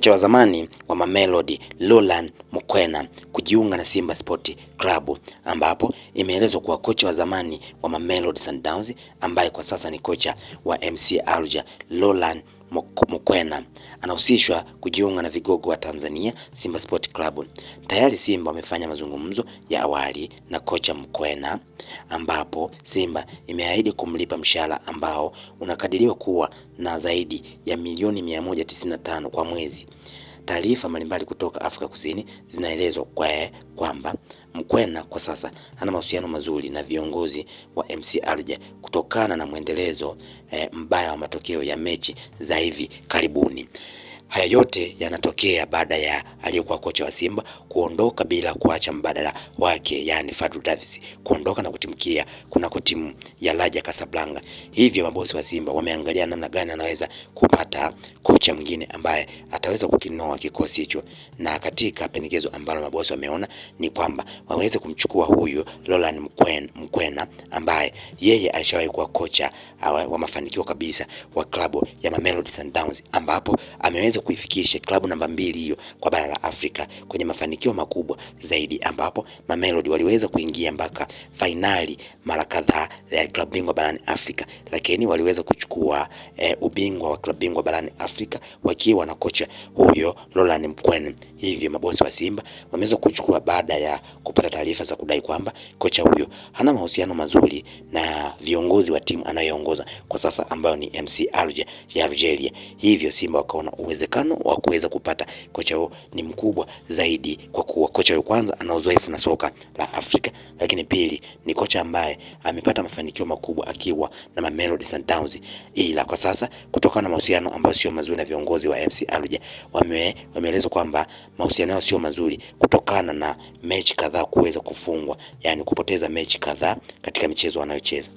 kocha wa zamani wa Mamelodi Roland Mukwena kujiunga na Simba Sport Club, ambapo imeelezwa kuwa kocha wa zamani wa Mamelodi Sundowns ambaye kwa sasa ni kocha wa MC Alger Roland Mokwena anahusishwa kujiunga na vigogo wa Tanzania Simba Sport Club. Tayari Simba wamefanya mazungumzo ya awali na kocha Mkwena, ambapo Simba imeahidi kumlipa mshahara ambao unakadiriwa kuwa na zaidi ya milioni 195 kwa mwezi. Taarifa mbalimbali kutoka Afrika Kusini zinaelezwa kwamba Mkwena kwa sasa ana mahusiano mazuri na viongozi wa MC Alger kutokana na mwendelezo e, mbaya wa matokeo ya mechi za hivi karibuni. Haya yote yanatokea baada ya aliyekuwa kocha wa Simba kuondoka bila kuacha mbadala wake, yani Fadlu Davis kuondoka na kutimkia kunako timu ya Raja Casablanca. Hivyo mabosi wa Simba wameangalia namna gani anaweza kupata kocha mwingine ambaye ataweza kukinoa kikosi hicho, na katika pendekezo ambalo mabosi wameona ni kwamba waweze kumchukua huyu Roland Mkwena, Mkwena ambaye yeye alishawahi kuwa kocha uh, wa mafanikio kabisa wa klabu ya Mamelodi Sundowns ambapo ameweza kuifikisha klabu namba mbili hiyo kwa bara la Afrika kwenye mafanikio mafanikio makubwa zaidi, ambapo Mamelodi waliweza kuingia mpaka fainali mara kadhaa ya klabu bingwa barani Afrika, lakini waliweza kuchukua e, ubingwa wa klabu bingwa barani Afrika wakiwa na kocha huyo Roland Mkwene. Hivyo mabosi wa Simba wameweza kuchukua baada ya kupata taarifa za kudai kwamba kocha huyo hana mahusiano mazuri na viongozi wa timu anayoongoza kwa sasa ambayo ni MC Alger ya Algeria. Hivyo Simba wakaona uwezekano wa kuweza kupata kocha huyo ni mkubwa zaidi kwa kuwa kocha wa kwanza ana uzoefu na soka la Afrika, lakini pili ni kocha ambaye amepata mafanikio makubwa akiwa na Mamelodi Sundowns, ila kwa sasa kutokana na mahusiano ambayo sio mazuri na viongozi wa MC wameelezwa wame, wameeleza kwamba mahusiano yao sio mazuri kutokana na mechi kadhaa kuweza kufungwa, yani kupoteza mechi kadhaa katika michezo wanayocheza.